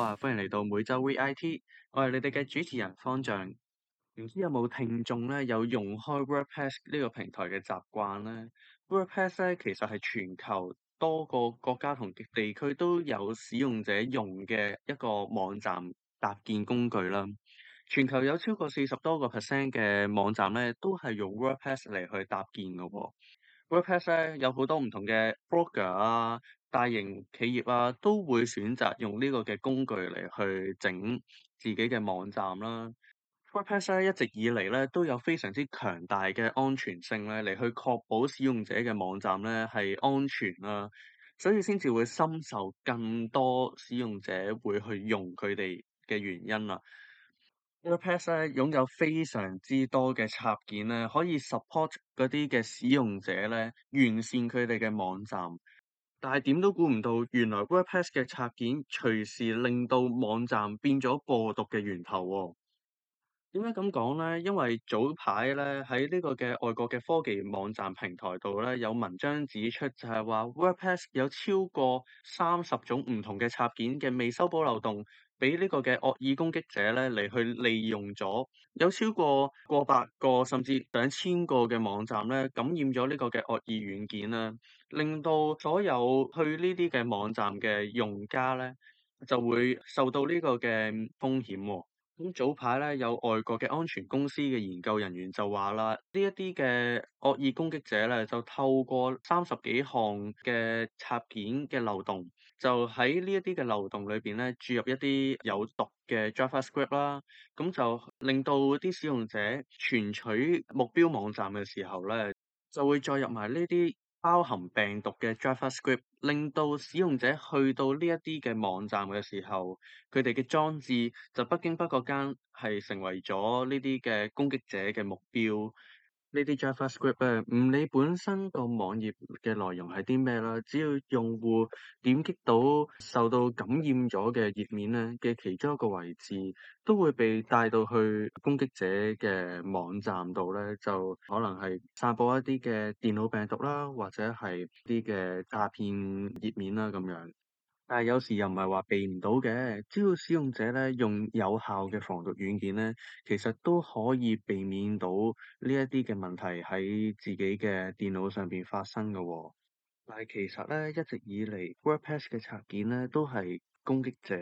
哇！歡迎嚟到每週 Read IT，我係你哋嘅主持人方丈。唔知有冇聽眾咧有用開 WordPress 呢個平台嘅習慣咧？WordPress 咧其實係全球多個國家同地區都有使用者用嘅一個網站搭建工具啦。全球有超過四十多個 percent 嘅網站咧都係用 WordPress 嚟去搭建嘅喎。WordPress 咧有好多唔同嘅 plugin 啊～大型企業啊，都會選擇用呢個嘅工具嚟去整自己嘅網站啦。WordPress 咧、啊、一直以嚟咧都有非常之強大嘅安全性咧，嚟去確保使用者嘅網站咧係安全啦、啊，所以先至會深受更多使用者會去用佢哋嘅原因啦。WordPress 咧擁有非常之多嘅插件咧，可以 support 嗰啲嘅使用者咧，完善佢哋嘅網站。但係點都估唔到，原來 WordPress 嘅插件隨時令到網站變咗播毒嘅源頭喎、哦？點解咁講呢？因為早排咧喺呢個嘅外國嘅科技網站平台度咧，有文章指出就係話 WordPress 有超過三十種唔同嘅插件嘅未修補漏洞。俾呢個嘅惡意攻擊者呢嚟去利用咗，有超過過百個甚至兩千個嘅網站呢感染咗呢個嘅惡意軟件啦，令到所有去呢啲嘅網站嘅用家呢就會受到呢個嘅風險喎。咁早排咧，有外國嘅安全公司嘅研究人員就話啦，呢一啲嘅惡意攻擊者咧，就透過三十幾項嘅插件嘅漏洞，就喺呢一啲嘅漏洞裏邊咧，注入一啲有毒嘅 JavaScript 啦，咁就令到啲使用者存取目標網站嘅時候咧，就會載入埋呢啲。包含病毒嘅 d r i v e r s c r i p t 令到使用者去到呢一啲嘅網站嘅時候，佢哋嘅裝置就不經不覺間係成為咗呢啲嘅攻擊者嘅目標。呢啲 JavaScript 咧，唔理本身個網頁嘅內容係啲咩啦，只要用戶點擊到受到感染咗嘅頁面咧嘅其中一個位置，都會被帶到去攻擊者嘅網站度咧，就可能係散播一啲嘅電腦病毒啦，或者係啲嘅詐騙頁面啦咁樣。但係有時又唔係話避唔到嘅，只要使用者咧用有效嘅防毒軟件咧，其實都可以避免到呢一啲嘅問題喺自己嘅電腦上邊發生嘅喎、哦。但係其實咧，一直以嚟，WordPress 嘅插件咧，都係攻擊者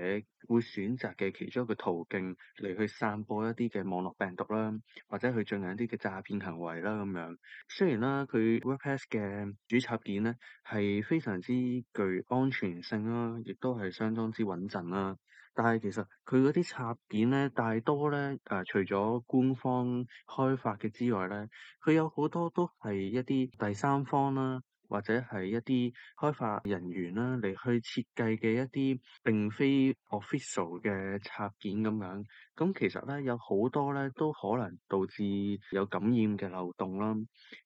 會選擇嘅其中一個途徑嚟去散播一啲嘅網絡病毒啦，或者去進行一啲嘅詐騙行為啦咁樣。雖然啦，佢 WordPress 嘅主插件咧係非常之具安全性啦，亦都係相當之穩陣啦。但係其實佢嗰啲插件咧，大多咧誒、啊，除咗官方開發嘅之外咧，佢有好多都係一啲第三方啦。或者係一啲開發人員啦，嚟去設計嘅一啲並非 official 嘅插件咁樣，咁其實咧有好多咧都可能導致有感染嘅漏洞啦。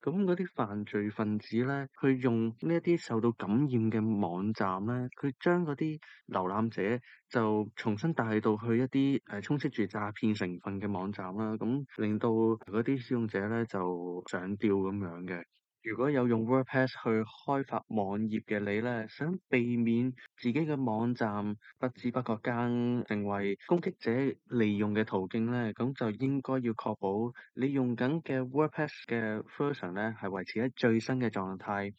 咁嗰啲犯罪分子咧，佢用呢一啲受到感染嘅網站咧，佢將嗰啲瀏覽者就重新帶到去一啲誒充斥住詐騙成分嘅網站啦，咁令到嗰啲使用者咧就上釣咁樣嘅。如果有用 WordPress 去開發網頁嘅你咧，想避免自己嘅網站不知不覺間成為攻擊者利用嘅途徑咧，咁就應該要確保你用緊嘅 WordPress 嘅 version 咧，係維持喺最新嘅狀態。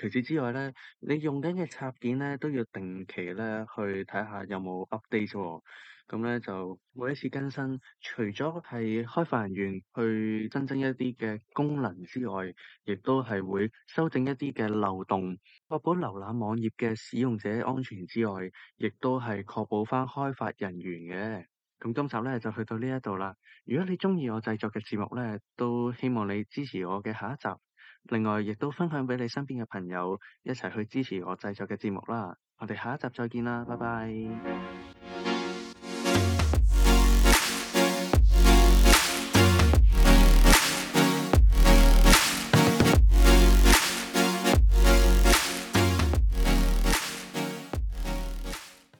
除此之外咧，你用緊嘅插件咧都要定期咧去睇下有冇 update 喎。咁咧就每一次更新，除咗係開發人員去新增一啲嘅功能之外，亦都係會修正一啲嘅漏洞，確保瀏覽網頁嘅使用者安全之外，亦都係確保翻開發人員嘅。咁今集咧就去到呢一度啦。如果你中意我製作嘅節目咧，都希望你支持我嘅下一集。另外，亦都分享俾你身邊嘅朋友一齊去支持我製作嘅節目啦。我哋下一集再見啦，拜拜。